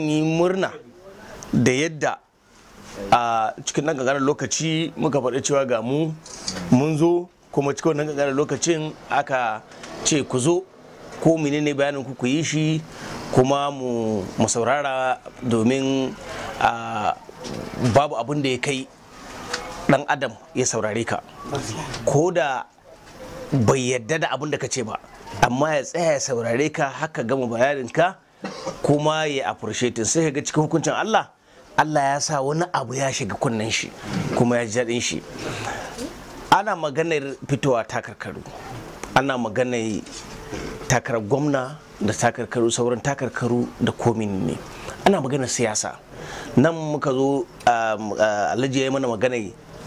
yi murna da yadda a cikin nan kankanin lokaci muka faɗi cewa ga mu mun zo kuma cikin nan kankanin lokacin aka ce ku zo ko menene bayanin ku ku yi shi kuma mu saurara domin babu abin da ya kai dan adam ya saurare ka ko da bai yadda da abin da ka ce ba amma ya tsaya ya saurare ka haka gama bayaninka. ka kuma ya appreciating sai ga cikin hukuncin Allah Allah ya sa wani abu ya shiga kunnen shi kuma ya ji daɗin shi ana maganar fitowa takarkaru ana maganar takar gwamna da takarkaru sauran takarkaru da komin ne ana maganar siyasa nan muka zo um, uh, alhaji ya yi mana magana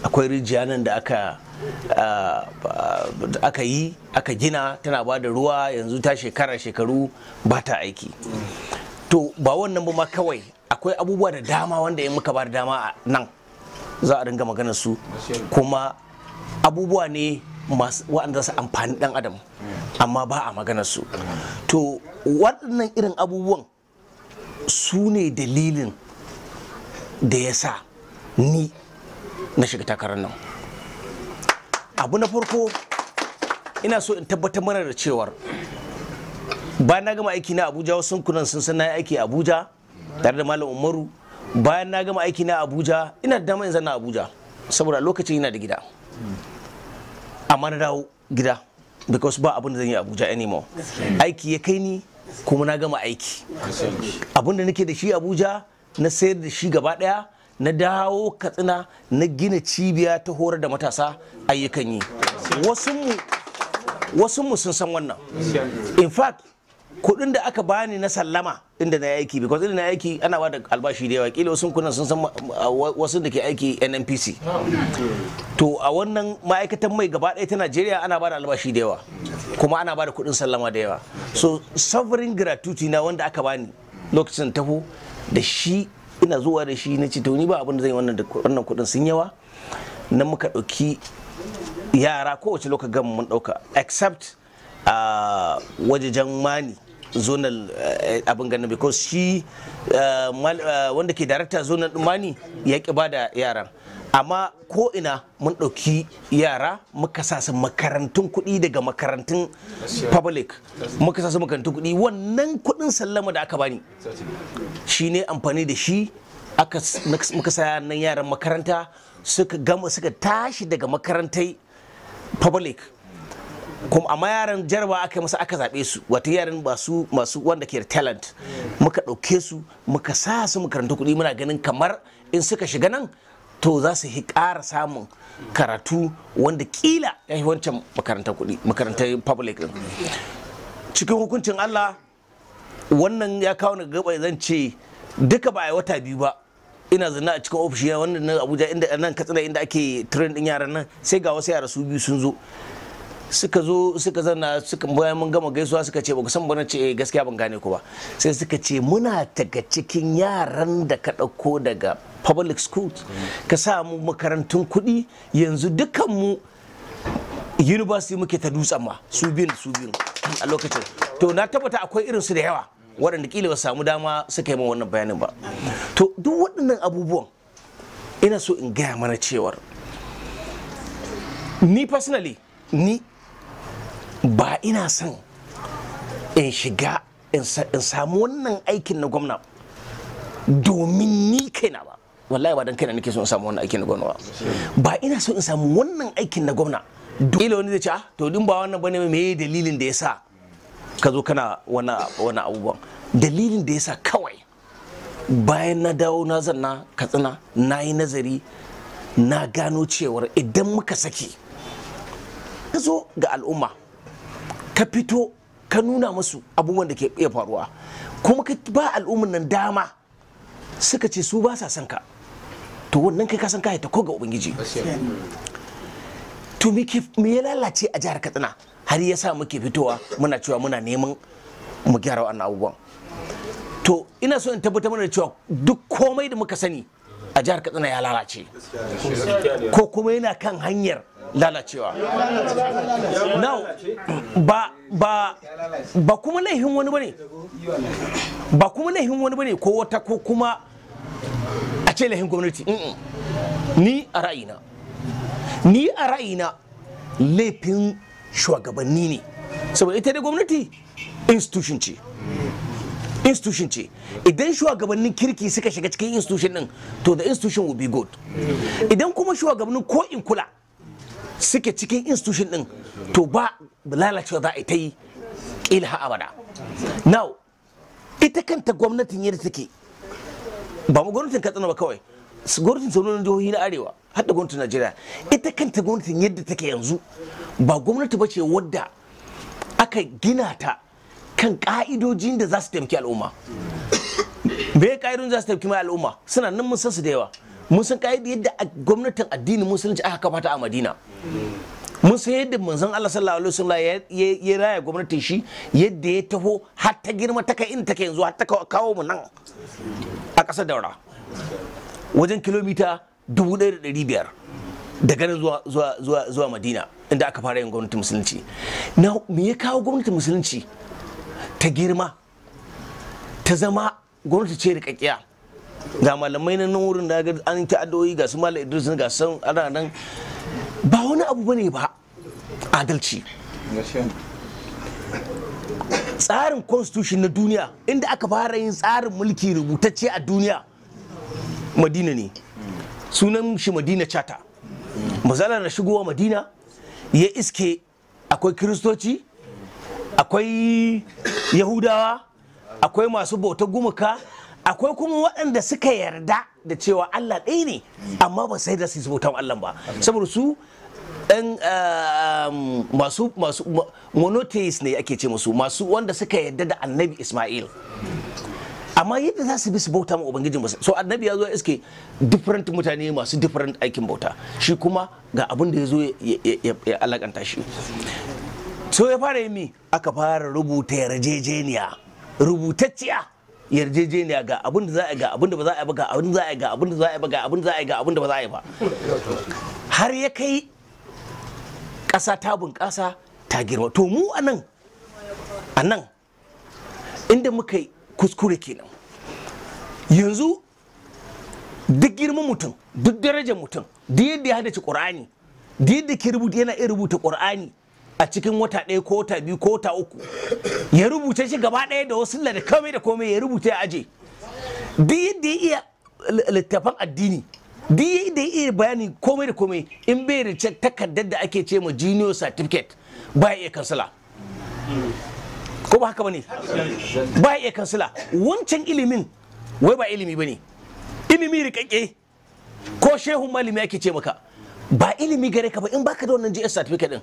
akwai rijiya nan da uh, aka yi aka gina tana ba da ruwa yanzu ta shekara shekaru ba ta aiki to ba wannan ba ma kawai akwai abubuwa da dama wanda ya muka ba da dama a nan za a dinga maganar su kuma abubuwa ne waɗanda su amfani ɗan adam amma ba a maganar su to waɗannan irin abubuwan su ne dalilin da ya sa ni na shiga takarar nan abu na farko ina so in tabbatar mana da cewar bayan na gama aiki na abuja wasu kunan sun san na yi aiki abuja tare da malam umaru bayan na gama aiki na abuja ina da dama in zanna abuja saboda lokacin ina da gida amma na dawo gida because ba abin da zan yi abuja anymore aiki ya kai ni kuma na gama aiki abin da nake da shi abuja na sayar da shi gaba daya na dawo katsina na gina cibiya ta horar da matasa ayyukan yi wasu mu sun san wannan in fact kuɗin da aka bani na sallama inda na aiki because inda na aiki ana ba da albashi da yawa kila wasu kunan sun san wasu da ke aiki NNPC to a wannan ma'aikatan mai gaba ɗaya ta Najeriya ana ba da albashi da yawa kuma ana ba da kuɗin sallama da yawa so sovereign gratuity na wanda aka bani lokacin taho da shi ina zuwa da shi na ce to ni ba abin da yi wannan wannan kuɗin sun yawa nan muka ɗauki yara kowace lokacin mun ɗauka except a ah, wajejen mani zonal eh, abin ganin because shi eh, eh, wanda ke darakta zonal dumani ya ki bada yaran amma ko ina mun ɗauki yara muka sa makarantun kuɗi daga makarantun public muka sa makarantun kuɗi wannan kuɗin sallama da aka bani shi ne amfani da shi aka muka sa nan yaran makaranta suka gama suka tashi daga makarantai public kuma amma yaran jarba aka masa aka zaɓe su wata yaran masu masu wanda ke da talent muka dauke su muka sa su makaranta kuɗi muna ganin kamar in suka shiga nan to za su yi ƙara samun karatu wanda kila ya yi wancan makarantar kuɗi makarantar public din cikin hukuncin Allah wannan ya kawo ni gaba zan ce duka ba a wata biyu ba ina zanna a cikin ofishi wannan na Abuja inda nan Katsina inda ake train din yaran nan sai ga wasu yara su biyu sun zo suka zo suka zanna suka bayan mun gama gaisuwa suka ce baka san ba ce eh, gaskiya ban gane ku ba sai suka ce muna daga cikin yaran da ka ɗauko daga public school ka sa mu makarantun kuɗi yanzu dukan mu university muke ta dutsen ma su bin su bin a lokacin to na tabbata akwai irin su da yawa waɗanda kila ba samu dama suka yi wannan bayanin ba to duk waɗannan abubuwan ina so in gaya mana cewar ni personally ni ba ina son in shiga in samu wannan aikin na gwamna domin ni kaina ba wallahi ba dan kaina nake so in samu wannan aikin na gwamna ba ina so in samu wannan aikin na gwamna dole wani zai ce ah, to din ba wannan bane me dalilin da yasa ka zo kana wani abubuwan dalilin da yasa kawai bayan na dawo na zanna katsina na yi nazari na gano cewar idan muka saki ka zo ga al'umma ka fito ka nuna musu abubuwan da ke iya faruwa kuma ka ba al'ummar nan dama suka ce su ba sa son ka to wannan kai ka san ka ta ko ga ubangiji to me ya lalace a jihar katsina har ya sa muke fitowa muna cewa muna neman mu gyara wannan abubuwan to ina so in tabbatar mana cewa duk komai da muka sani a jihar katsina ya lalace ko kuma yana kan hanyar lalacewa ba ba ba kuma laifin wani bane ba kuma laifin wani bane ko wata ko kuma a ce laifin gwamnati ni a ra'ayina ni a ra'ayina laifin shugabanni ne saboda ita dai gwamnati institution ce institution ce idan shugabannin kirki suka shiga cikin institution din to the institution will be good idan kuma shugabannin ko in kula suke cikin institution din to ba lalacewa za a ta yi ilha abada now ita kanta gwamnatin yadda take ba mu gwamnatin katsina ba kawai gwamnatin sauran jihohi na arewa hadda gwamnatin najeriya ita kanta gwamnatin yadda take yanzu ba gwamnati ba ce wadda aka gina ta kan ka'idojin da za su taimaki al'umma me ka'idojin za su taimaki al'umma suna nan mun san su da yawa mun san da yadda gwamnatin addinin musulunci aka kafa a madina mun san yadda manzon Allah sallallahu alaihi wasallam ya raya gwamnatin shi yadda ya taho har ta girma ta kai inda take yanzu har ta kawo mu nan a ƙasar daura wajen kilomita 1500 daga nan zuwa zuwa zuwa zuwa Madina inda aka fara yin gwamnatin musulunci na me ya kawo gwamnatin musulunci ta girma ta zama gwamnati ce rikakkiya ga malamai na nan wurin da ga an ta addu'o'i ga su malam idris ga san ana nan ba wani abu bane ba adalci tsarin constitution na duniya inda aka fara yin tsarin mulki rubutacce a duniya madina ne sunan shi madina chata mazalar na shigowa madina ya iske akwai kiristoci akwai yahudawa akwai masu bauta gumaka akwai kuma waɗanda suka yarda da cewa Allah ɗaya ne amma ba sai da su bautan Allah ba saboda su ɗan eh, um, masu masu monotheist ne ake ce musu masu wanda suka yarda da annabi Ismail amma yadda za su bi su bauta ma ubangijin ba so annabi ya zo iske different mutane masu different aikin bauta shi kuma ga abin da ya zo ya alakanta shi so ya fara yi mi aka fara rubuta yarjejeniya rubutacciya yarjejeniya ga abin da za a ga abin da ba za a yi ba ga abin da za a yi ga abin da za a yi ba ga abin da za a yi ga abin da ba za a yi ba har ya kai ƙasa ta bunƙasa ta girma to mu a nan a nan inda muka yi kuskure kenan yanzu duk girman mutum duk darajar mutum da yadda ya haɗa ci ƙur'ani da yadda ke rubuta yana iya rubuta ƙur'ani a cikin wata ɗaya ko wata biyu ko wata uku ya rubuta shi gaba ɗaya da wasu da komai da komai ya rubuta ya aje duk yadda ya iya littafan addini duk yadda ya iya bayani komai da komai in bai da takardar da ake ce ma junior certificate ba ya iya kansila ko ba haka ba ne ba ya iya kansila wancan ilimin wai ba ilimi ba ne ilimi rikakke ko shehun malami ake ce maka ba ilimi gare ka ba in baka da wannan JS certificate din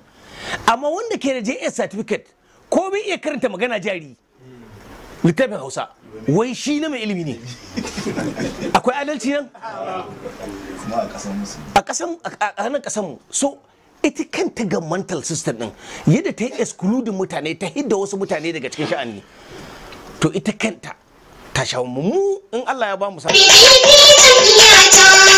amma wanda ke da JS certificate ko bai iya karanta magana jari littafin Hausa wai shi na mai ilimi ne akwai adalci nan a kasan a a kasan mu so ita kanta ga mental system din yadda ta yi excluding mutane ta hidda wasu mutane daga cikin sha'ani to ita kanta ta shawo mu in Allah ya ba mu sa'a